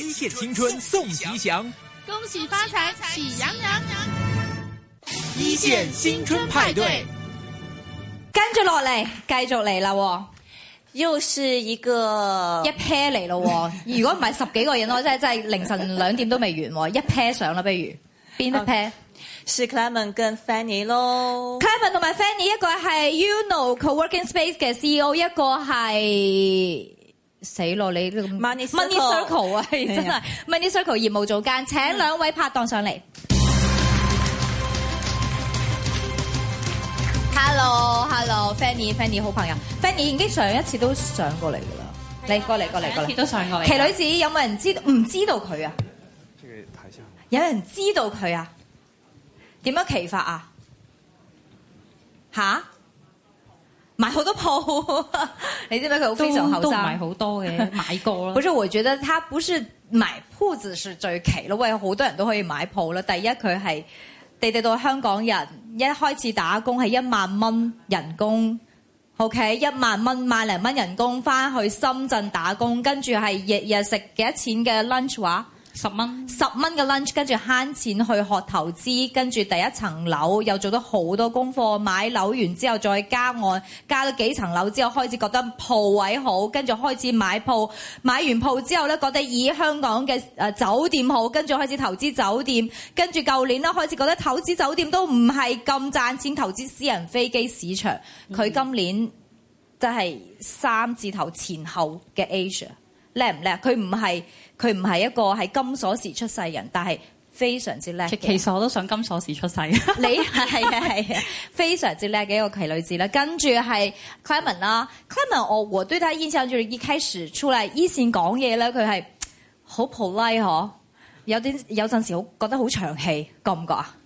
一線青春送吉祥，恭喜發財，喜洋洋！一線新春派對，跟住落嚟，繼續嚟啦、哦！又是一個一 pair 來咯、哦！ 如果唔係十幾個人，我真係真係凌晨兩點都未完、哦。一 pair 上啦，不如邊一 pair？、Okay. 是 Clement 跟 Fanny 咯 Clement 同埋 Fanny，一個係 U No Co Working Space 嘅 CEO，一個係。死咯！你個 Money Circle 啊，真係 Money Circle 業務組間。請兩位拍檔上嚟。Mm. Hello，Hello，Fanny，Fanny Fanny, 好朋友，Fanny 已經上一次都上過嚟噶啦，yeah, 你過嚟過嚟過嚟都上過嚟。奇女子有冇人知唔知道佢啊、這個？有人知道佢啊？點樣奇法啊？吓？買好多鋪， 你知唔知佢好非常後生，都唔係好多嘅。 買過咯。不是我覺得，他不是買鋪子是最奇咯，因為好多人都可以買鋪啦。第一，佢係地地道香港人，一開始打工係一萬蚊人工，OK，一萬蚊萬零蚊人工翻去深圳打工，跟住係日日食幾多錢嘅 lunch 話。十蚊，十蚊嘅 lunch，跟住慳錢去學投資，跟住第一層樓又做咗好多功課，買樓完之後再加按加咗幾層樓之後，開始覺得鋪位好，跟住開始買鋪，買完鋪之後呢，覺得以香港嘅酒店好，跟住開始投資酒店，跟住舊年呢，開始覺得投資酒店都唔係咁賺錢，投資私人飛機市場，佢今年就係三字頭前後嘅 Asia。叻唔叻？佢唔係佢唔係一個係金鎖匙出世人，但係非常之叻。其實我都想金鎖匙出世。 你係啊係，非常之叻嘅一個奇女子啦。跟住係 Clement 啦 Clement 我我對他印象就係一開始出嚟一線講嘢咧，佢係好 polite、啊、有啲有陣時好覺得好長氣，覺唔覺啊？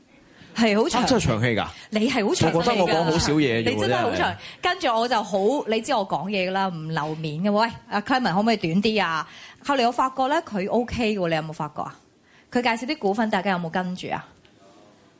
係好長、啊，真係長氣㗎！你係好長，我覺得我講好少嘢。你真係好長。跟住我就好，你知我講嘢㗎啦，唔留面嘅。喂，阿 Kevin 可唔可以短啲啊？後嚟我發覺咧佢 OK 㗎喎，你有冇發覺啊？佢介紹啲股份，大家有冇跟住啊？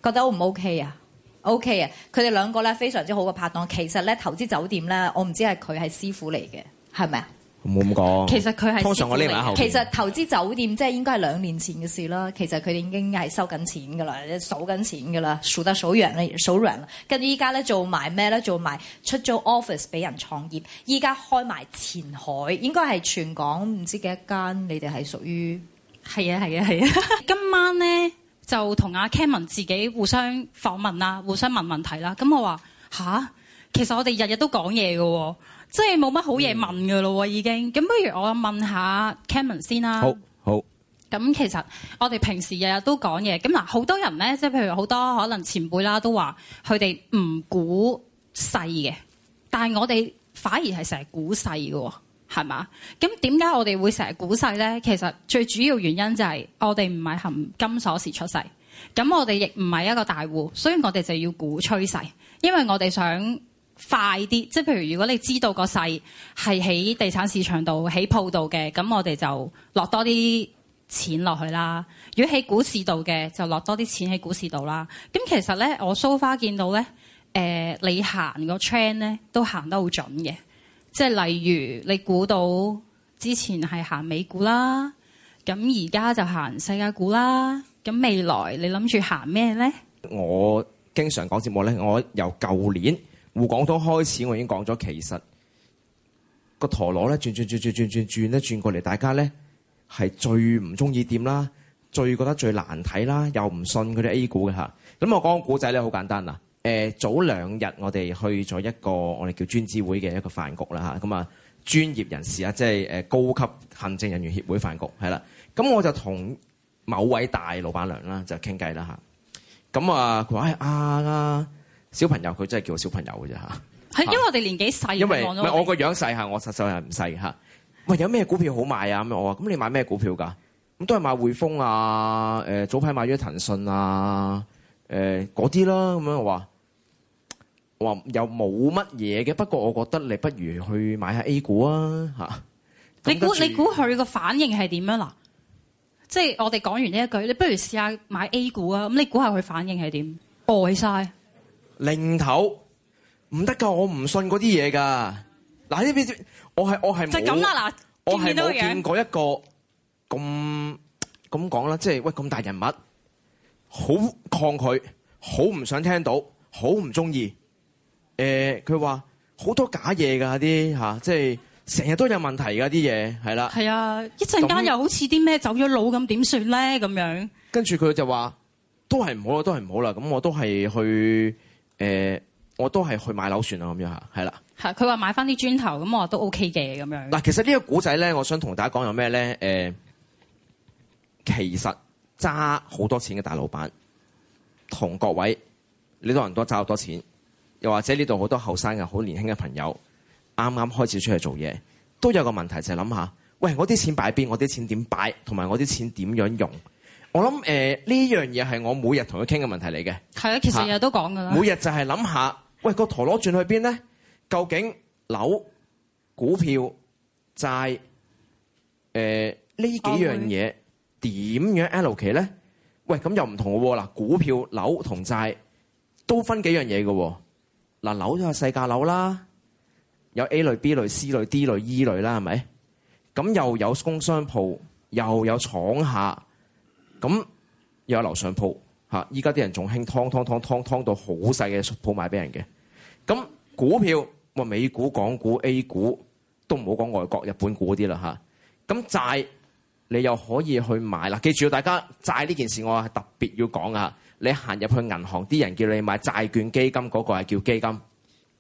覺得 O 唔 OK 啊？OK 啊！佢哋兩個咧非常之好嘅拍檔。其實咧投資酒店咧，我唔知係佢係師傅嚟嘅，係咪啊？唔好咁講，其實佢係通常我呢，其實投資酒店，即係應該係兩年前嘅事啦。其實佢哋已經係收緊錢嘅啦，數緊錢嘅啦，數得數完咧，數完啦。跟住依家咧做埋咩咧？做埋出租 office 俾人創業。依家開埋前海，應該係全港唔知幾多間。你哋係屬於，係啊係啊係啊。啊啊啊 今晚咧就同阿 Kevin 自己互相訪問啦，互相問問題啦。咁我話吓？」其實我哋日日都講嘢喎，即係冇乜好嘢問㗎咯喎，已經。咁、嗯、不如我問下 Cameron 先啦。好，好。咁其實我哋平時日日都講嘢。咁嗱，好多人咧，即係譬如好多可能前輩啦，都話佢哋唔估勢嘅，但係我哋反而係成日估勢嘅，係嘛？咁點解我哋會成日估勢咧？其實最主要原因就係我哋唔係含金鎖匙出世，咁我哋亦唔係一個大戶，所以我哋就要估趨勢，因為我哋想。快啲，即係譬如如果你知道個勢係喺地產市場度起鋪度嘅，咁我哋就落多啲錢落去啦。如果喺股市度嘅，就落多啲錢喺股市度啦。咁其實咧，我蘇花見到咧，誒、呃，你行個 train 咧都行得好準嘅，即係例如你估到之前係行美股啦，咁而家就行世界股啦，咁未來你諗住行咩咧？我經常講節目咧，我由舊年。滬港通開始，我已經講咗，其實個陀螺咧轉轉轉轉轉轉轉咧轉過嚟，大家咧係最唔中意點啦，最覺得最難睇啦，又唔信嗰啲 A 股嘅嚇。咁我講個古仔咧，好簡單啊。誒、呃、早兩日我哋去咗一個我哋叫專資會嘅一個飯局啦吓。咁啊，啊專業人士啊，即係誒高級行政人員協會飯局係啦。咁我就同某位大老闆娘啦就傾偈啦吓。咁啊佢話啊～啊啊小朋友佢真係叫我小朋友嘅啫嚇，係因為我哋年紀細， 因為咪我個樣細嚇，我，小 我實質係唔細嚇。喂，有咩股票好買啊？咁我話咁你買咩股票㗎？咁都係買匯豐啊。誒早排買咗騰訊啊。誒嗰啲啦咁樣我話話又冇乜嘢嘅。不過我覺得你不如去買下 A 股啊嚇。你估你估佢個反應係點樣啊？嗱， 即係我哋講完呢一句，你不如試下買 A 股啊。咁你估下佢反應係點？呆晒。零頭唔得噶，我唔信嗰啲嘢噶。嗱呢邊，我係我係冇咁啦。嗱，我係冇、就是、見，見過一個咁咁講啦，即係喂，咁大人物好抗拒，好唔想聽到，好唔中意。誒、欸，佢話好多假嘢噶啲吓，即係成日都有問題噶啲嘢，係啦。係啊，一陣間又好似啲咩走咗佬咁，點算咧咁樣？跟住佢就話都係唔好啦，都係唔好啦。咁我都係去。誒、呃，我都係去買樓算啦，咁樣嚇，係啦。佢話買翻啲磚頭，咁我都 OK 嘅咁樣。嗱，其實個呢個古仔咧，我想同大家講，有咩咧？誒，其實揸好多錢嘅大老闆同各位，你都人多揸好多錢，又或者呢度好多後生嘅好年輕嘅朋友，啱啱開始出嚟做嘢，都有個問題，就係諗下，喂，我啲錢擺邊？我啲錢點擺？同埋我啲錢點樣用？我諗誒，呢樣嘢係我每日同佢傾嘅問題嚟嘅。係啊，其實日日都講噶啦。每日就係諗下，喂，個陀螺轉去邊咧？究竟樓、股票、債，誒呢幾樣嘢點樣 allocate 咧？喂，咁又唔同嘅喎。嗱，股票、樓同債都分幾樣嘢嘅喎。嗱，樓有細價樓啦，有 A 類、B 類、C 類、D 類、E 類啦，係咪？咁又有工商鋪，又有廠下。咁又有樓上鋪嚇，依家啲人仲興劏劏劏劏劏到好細嘅鋪買俾人嘅。咁股票話美股、港股、A 股都唔好講，外國日本股啲啦嚇。咁債你又可以去買啦、啊。記住大家債呢件事我係特別要講啊。你行入去銀行，啲人叫你買債券基金嗰、嗰個係叫基金，嗰、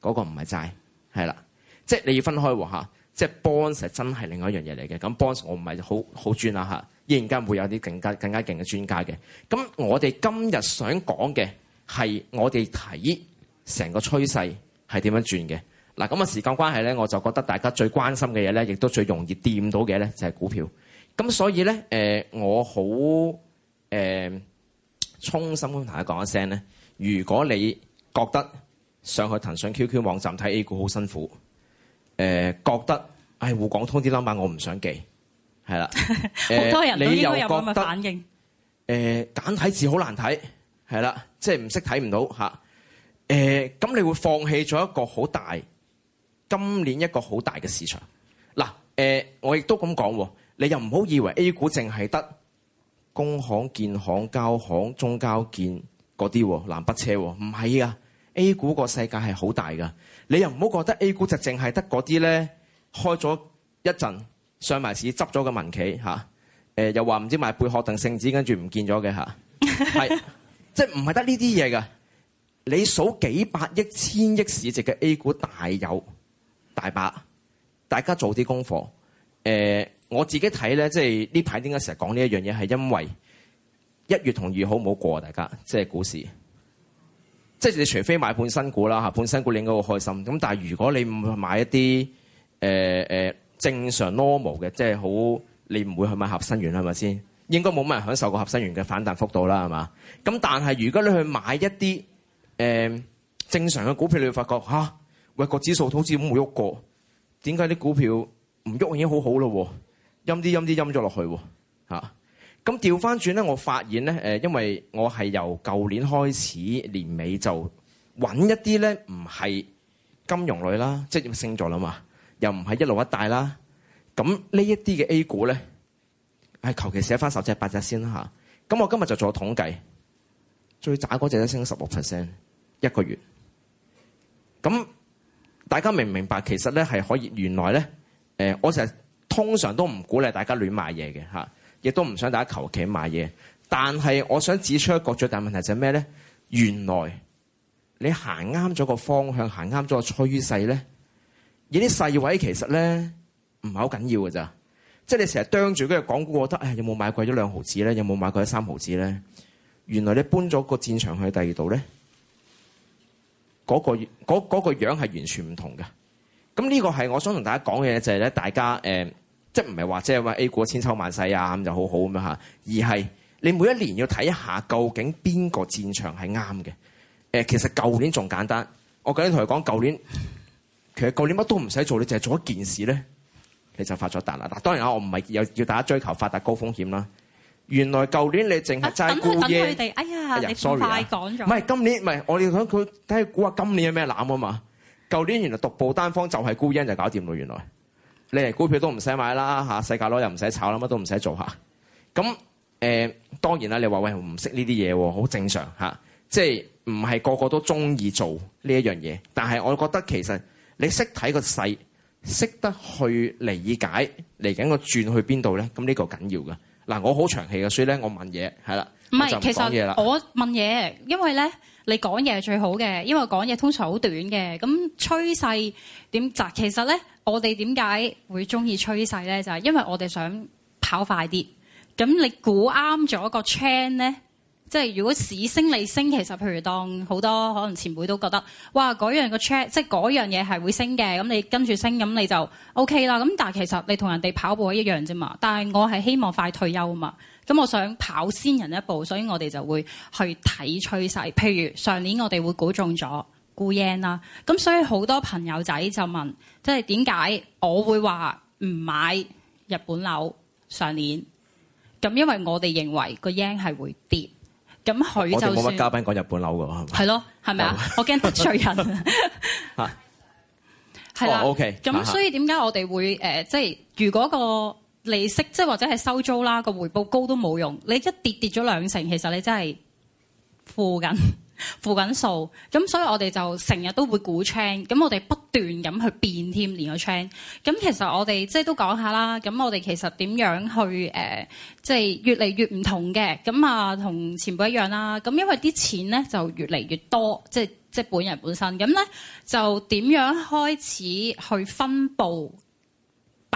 嗰個唔係債，係啦。即、係、你要分開喎即、啊、係、係、bonds 真係另外一樣嘢嚟嘅。咁 bonds 我唔係好好專啦嚇依家會有啲更加更加勁嘅專家嘅，咁我哋今日想講嘅係我哋睇成個趨勢係點樣轉嘅。嗱，咁啊時間關係咧，我就覺得大家最關心嘅嘢咧，亦都最容易掂到嘅咧就係、是、股票。咁所以咧誒、呃，我好誒、呃、衷心咁同大家講一聲咧，如果你覺得上去騰訊 QQ 網站睇 A 股好辛苦，誒、呃、覺得唉滬港通啲 number 我唔想記。係啦，好 多人都應該有咁嘅反應。誒、呃呃，簡體字好難睇，係啦，即係唔識睇唔到嚇。誒、啊，咁、呃、你會放棄咗一個好大今年一個好大嘅市場。嗱，誒，我亦都咁講，你又唔好以為 A 股淨係得工行、建行、交行、中交建、建嗰啲南北車、啊，唔係啊！A 股個世界係好大噶，你又唔好覺得 A 股就淨係得嗰啲咧，開咗一陣。上埋市執咗個民企、啊、又話唔知買貝殼定聖紙，跟住唔見咗嘅即係唔係得呢啲嘢㗎。你數幾百億、千億市值嘅 A 股大有大把，大家做啲功課、啊。我自己睇咧，即係呢排點解成日講呢一樣嘢，係因為一月同二好唔好過、啊？大家即係、即係、股市，即係你除非買半新股啦、啊、半新股你應該會開心。咁但係如果你唔買一啲誒誒，啊啊正常 normal 嘅，即係好你唔會去買合生元係咪先？應該冇乜人享受過合生元嘅反彈幅度啦，係嘛？咁但係如果你去買一啲誒、呃，正常嘅股票，你會發覺吓、啊，喂個指數好似冇喐過，點解啲股票唔喐已經好好咯？陰啲陰啲陰咗落去吓，咁調翻轉咧，我發現咧，誒、呃，因為我係由舊年開始年尾就揾一啲咧唔係金融類啦，即係升咗啦嘛。又唔係一路一帶啦，咁呢一啲嘅 A 股咧，係求其寫翻十隻八隻先啦吓。咁我今日就做統計，最渣嗰隻都升咗十六 percent 一個月。咁大家明唔明白？其實咧係可以，原來咧，誒，我成日通常都唔鼓勵大家亂買嘢嘅吓，亦都唔想大家求其買嘢。但係我想指出一個最大問題就係咩咧？原來你行啱咗個方向，行啱咗個趨勢咧。呢啲細位其實咧唔係好緊要㗎。咋，即係你成日啄住跟住講股，覺得誒有冇買貴咗兩毫子咧，有冇買貴咗三毫子咧？原來你搬咗個戰場去第二度咧，嗰、嗰個嗰、嗰個樣係完全唔同嘅。咁呢個係我想同大家講嘅就係、係、咧，大家、呃、即係唔係話即係話 A 股千秋萬世啊咁就好好咁樣吓，而係你每一年要睇一下究竟邊個戰場係啱嘅。誒，其實舊年仲簡單，我嗰年同佢講舊年。其實舊年乜都唔使做，你淨係做一件事咧，你就發咗達啦。嗱，當然啦，我唔係有要大家追求發達高風險啦。原來舊年你淨係齋估嘢，煙入，sorry，唔係今年唔係我哋講佢睇下估下今年有咩攬啊嘛。舊年原來獨步單方就係孤因，就搞掂咯。原來你係股票、啊、都唔使買啦嚇，世界攞又唔使炒啦，乜都唔使做嚇。咁誒當然啦，你話喂唔識呢啲嘢好正常嚇，即係唔係個個都中意做呢一樣嘢？但係我覺得其實。你識睇個勢，識得去理解嚟緊個轉去邊度咧？咁呢個緊要㗎，嗱，我好長氣嘅，所以咧我問嘢係啦，唔係其實我問嘢，因為咧你講嘢係最好嘅，因為講嘢通常好短嘅。咁趨勢點擇？其實咧，我哋點解會中意趨勢咧？就係因為我哋想跑快啲。咁你估啱咗個勢咧？即係如果市升你升，其實譬如當好多可能前輩都覺得哇，嗰樣個 check 即係嗰樣嘢係會升嘅，咁你跟住升，咁你就 OK 啦。咁但其實你同人哋跑步一樣啫嘛。但係我係希望快退休啊嘛，咁我想跑先人一步，所以我哋就會去睇趨勢。譬如上年我哋會估中咗沽 yen 啦，咁所以好多朋友仔就問，即係點解我會話唔買日本樓上年咁？因為我哋認為個 yen 係會跌。咁佢就冇乜嘉賓講日本樓嘅喎，係咯，係咪啊？ 我驚得罪人 哦、oh，OK。咁所以點解我哋會、呃、即係如果個利息即係 或者係收租啦，個回報高都冇用。你一跌跌咗兩成，其實你真係負緊。付緊數，咁所以我哋就成日都會估 change。咁我哋不斷咁去變添，連個 change。咁其實我哋即係都講下啦，咁我哋其實點樣去即係、呃即係、越嚟越唔同嘅。咁啊，同前輩一樣啦。咁因為啲錢咧就越嚟越多，即係即係本人本身。咁咧就點樣開始去分佈？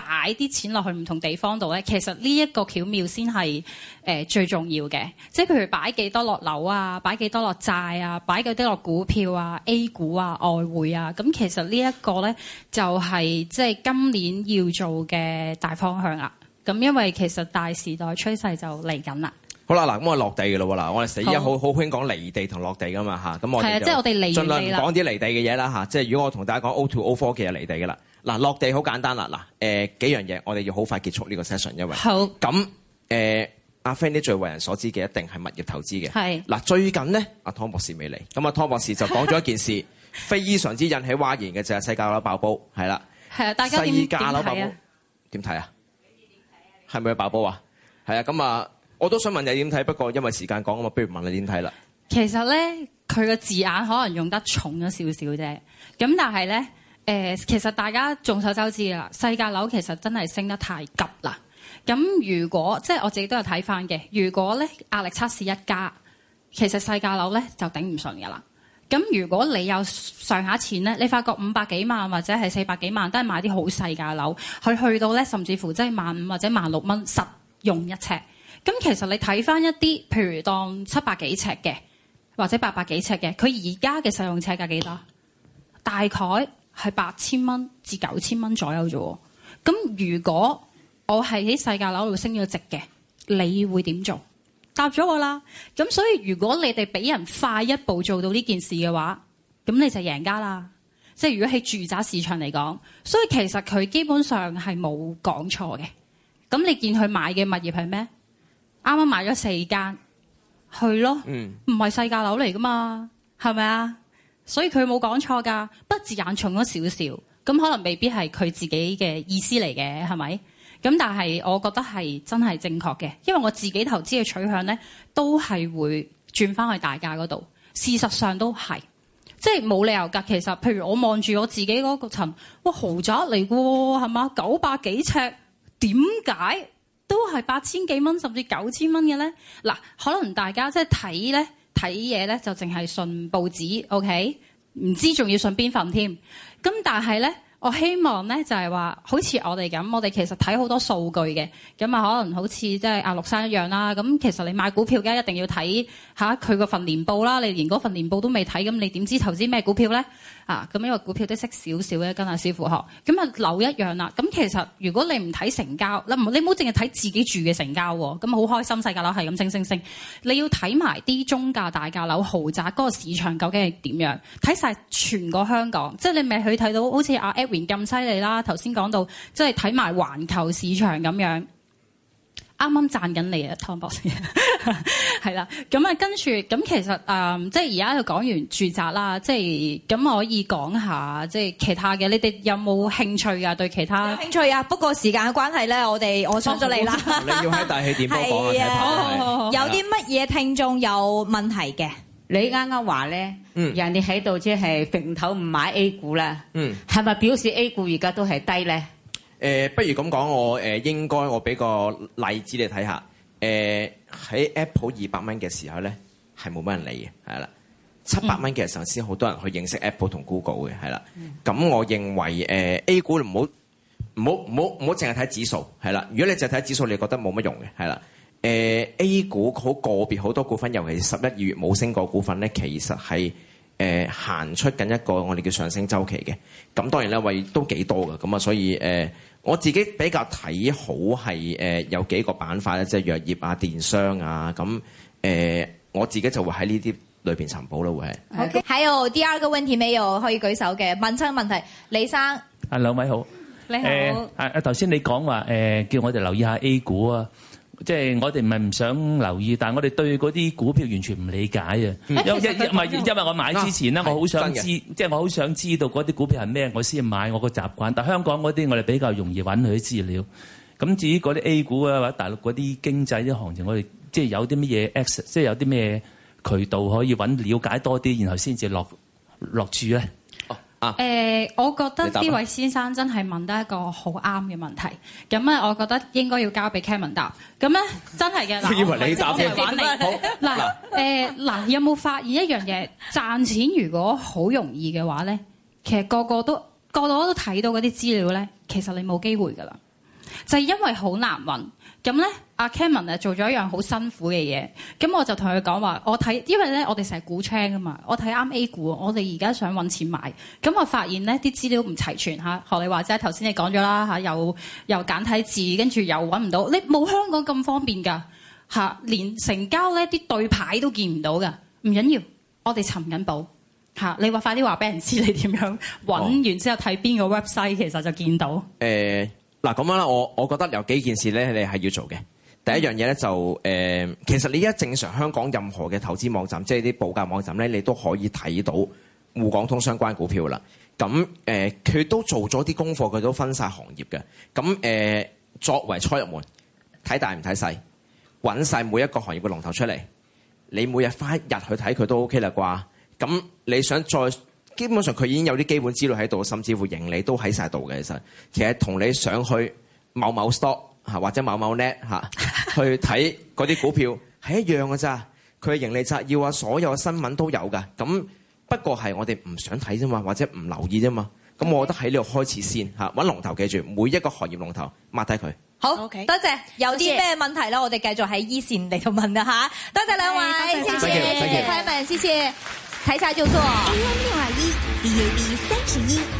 擺啲錢落去唔同地方度咧，其實呢一個巧妙先係誒最重要嘅，即係譬如擺幾多落樓啊，擺幾多落債啊，擺幾多落股票啊、A 股啊、外匯啊，咁、嗯、其實呢一個咧就係即係今年要做嘅大方向啦、啊。咁、嗯、因為其實大時代趨勢就嚟緊啦。好啦，嗱咁我落地嘅咯，嗱我哋死依家好好興講離地同落地噶嘛嚇，咁、啊、我係啊，即係我哋離地盡量唔講啲離地嘅嘢啦吓，即係如果我同大家講 O to O 科技係離地嘅啦。嗱落地好簡單啦，嗱誒幾樣嘢我哋要好快結束呢個 session，因為好咁誒阿芬呢最為人所知嘅一定係物業投資嘅，係嗱最近咧阿湯博士未嚟，咁啊湯博士就講咗一件事， 非常之引起嘩然嘅就係世界樓爆煲，係啦，係啊大家點睇啊？點睇啊？係咪、啊、爆煲啊？係啊咁啊，我都想問你點睇，不過因為時間講咁嘛，不如問你點睇啦。其實咧佢個字眼可能用得重咗少少啫，咁但係咧。呃、其實大家眾所周知啦，細價樓其實真係升得太急啦。咁如果即係、就是、我自己都有睇翻嘅，如果咧壓力測試一加，其實細價樓咧就頂唔順嘅啦。咁如果你有上下錢咧，你發覺五百幾萬或者係四百幾萬都係買啲好細價樓，佢去到咧甚至乎即係萬五或者萬六蚊實用一尺。咁其實你睇翻一啲，譬如當七百幾尺嘅或者八百幾尺嘅，佢而家嘅實用尺價幾多？大概。係八千蚊至九千蚊左右啫。咁如果我係喺細價樓度升咗值嘅，你會點做？答咗我啦。咁所以如果你哋俾人快一步做到呢件事嘅話，咁你就贏家啦。即係如果喺住宅市場嚟講，所以其實佢基本上係冇講錯嘅。咁你見佢買嘅物業係咩？啱啱買咗四間，去咯，唔係細價樓嚟噶嘛？係咪啊？所以佢冇講錯噶。字眼重咗少少，咁可能未必係佢自己嘅意思嚟嘅，係咪？咁但係我覺得係真係正確嘅，因為我自己投資嘅取向呢，都係會轉翻去大家嗰度。事實上都係，即係冇理由噶。其實，譬如我望住我自己嗰個層，哇豪宅嚟噶，係咪？九百幾尺，點解都係八千幾蚊，甚至九千蚊嘅呢？嗱，可能大家即係睇呢，睇嘢呢，就淨係信報紙，OK？唔知仲要信邊份添咁，但係呢，我希望呢就係話，好似我哋咁，我哋其實睇好多數據嘅，咁啊，可能好似即係阿陸生一樣啦。咁其實你買股票梗一定要睇下佢個份年報啦。你連嗰份年報都未睇，咁你點知投資咩股票呢？咁、啊、因為股票都識少少咧，跟阿師傅學，咁啊樓一樣啦。咁其實如果你唔睇成交，你唔好冇淨係睇自己住嘅成交，咁好開心，細價樓係咁升升升。你要睇埋啲中價、大價樓、豪宅嗰個市場究竟係點樣？睇晒全個香港，即、就、係、是、你咪去睇到好似阿 Aaron 咁犀利啦。頭先講到，即係睇埋環球市場咁樣。啱啱賺緊你啊，湯博士，係 啦，咁啊跟住咁其實誒、嗯，即係而家佢講完住宅啦，即係咁可以講下即係其他嘅，你哋有冇興趣啊？對其他有興趣啊，不過時間嘅關係咧，我哋我想咗你啦，你要喺大氣點講啊，有啲乜嘢聽眾有問題嘅、啊？你啱啱話咧，人哋喺度即係平頭唔買 A 股呢，係、嗯、咪表示 A 股而家都係低咧？誒、呃，不如咁講，我誒、呃、應該我俾個例子你睇下。誒、呃、喺 Apple 二百蚊嘅時候咧，係冇乜人理嘅，係啦。七百蚊嘅時候先好多人去認識 Apple 同 Google 嘅，係啦。咁、嗯、我認為、呃、A 股唔好唔好唔好唔好淨係睇指數，係啦。如果你淨係睇指數，你覺得冇乜用嘅，係啦。誒、呃、A 股好個別好多股份，尤其是十一二月冇升過股份咧，其實係。誒、呃、行出緊一個我哋叫上升周期嘅咁，當然呢位都幾多㗎。咁啊，所以誒、呃、我自己比較睇好係誒、呃、有幾個板塊咧，即係藥業啊、電商啊咁誒、呃，我自己就會喺呢啲裏邊尋寶咯。會係 OK，還有第二個問題沒，未有可以舉手嘅問親問題，李生啊，兩位好，你好啊啊，頭、呃、先你講話、呃、叫我哋留意一下 A 股啊。即、就、係、是、我哋唔係唔想留意，但我哋對嗰啲股票完全唔理解啊、嗯！因為因為我買之前咧、啊，我好想知，即係我好想知道嗰啲、就是、股票係咩，我先買。我個習慣，但香港嗰啲我哋比較容易揾佢啲資料。咁至於嗰啲 A 股啊，或者大陸嗰啲經濟啲行情，我哋即係有啲乜嘢 access，即係有啲咩渠道可以揾了解多啲，然後先至落落注咧。誒、啊呃，我覺得呢位先生真係問得一個好啱嘅問題，咁咧我覺得應該要交俾 Kevin 答，咁咧真係嘅， 以為你答嘅，玩你，嗱誒，嗱、 呃、有冇發現一樣嘢？賺錢如果好容易嘅話咧，其實個個都個個都睇到嗰啲資料咧，其實你冇機會㗎啦，就係、是、因為好難揾，咁咧。阿 Kevin 啊，做咗一樣好辛苦嘅嘢，咁我就同佢講話，我睇，因為咧我哋成日股青㗎嘛，我睇啱 A 股，我哋而家想揾錢買，咁我發現咧啲資料唔齊全嚇，學你話齋頭先你講咗啦嚇，又又簡體字，跟住又揾唔到，你冇香港咁方便㗎嚇，連成交咧啲對牌都見唔到㗎，唔緊要，我哋尋緊寶嚇，你話快啲話俾人知你點樣揾完、哦、之後睇邊個 website 其實就見到。誒、欸、嗱，咁樣啦，我我覺得有幾件事咧，你係要做嘅。第一樣嘢咧就誒、呃，其實你而家正常香港任何嘅投資網站，即係啲報價網站咧，你都可以睇到滬港通相關股票啦。咁誒，佢、呃、都做咗啲功課，佢都分晒行業嘅。咁誒、呃，作為初入門，睇大唔睇細，揾晒每一個行業嘅龍頭出嚟，你每日翻一日去睇佢都 OK 啦啩？咁你想再，基本上佢已經有啲基本資料喺度，甚至乎盈利都喺晒度嘅。其實，其實同你想去某某 s t o p 或者某某叻，e 去睇嗰啲股票係 一樣嘅咋，佢嘅盈利摘要啊，所有新聞都有噶。咁不過係我哋唔想睇啫嘛，或者唔留意啫嘛。咁、嗯、我覺得喺呢度開始先嚇，揾龍頭，記住每一個行業龍頭，抹低佢。好、okay. 多謝。有啲咩問題咧？我哋繼續喺依、e、線嚟度問啦嚇。多謝兩位，嗯、謝謝，快問，謝謝。睇下叫做。一零二二三十一。謝謝謝謝謝謝。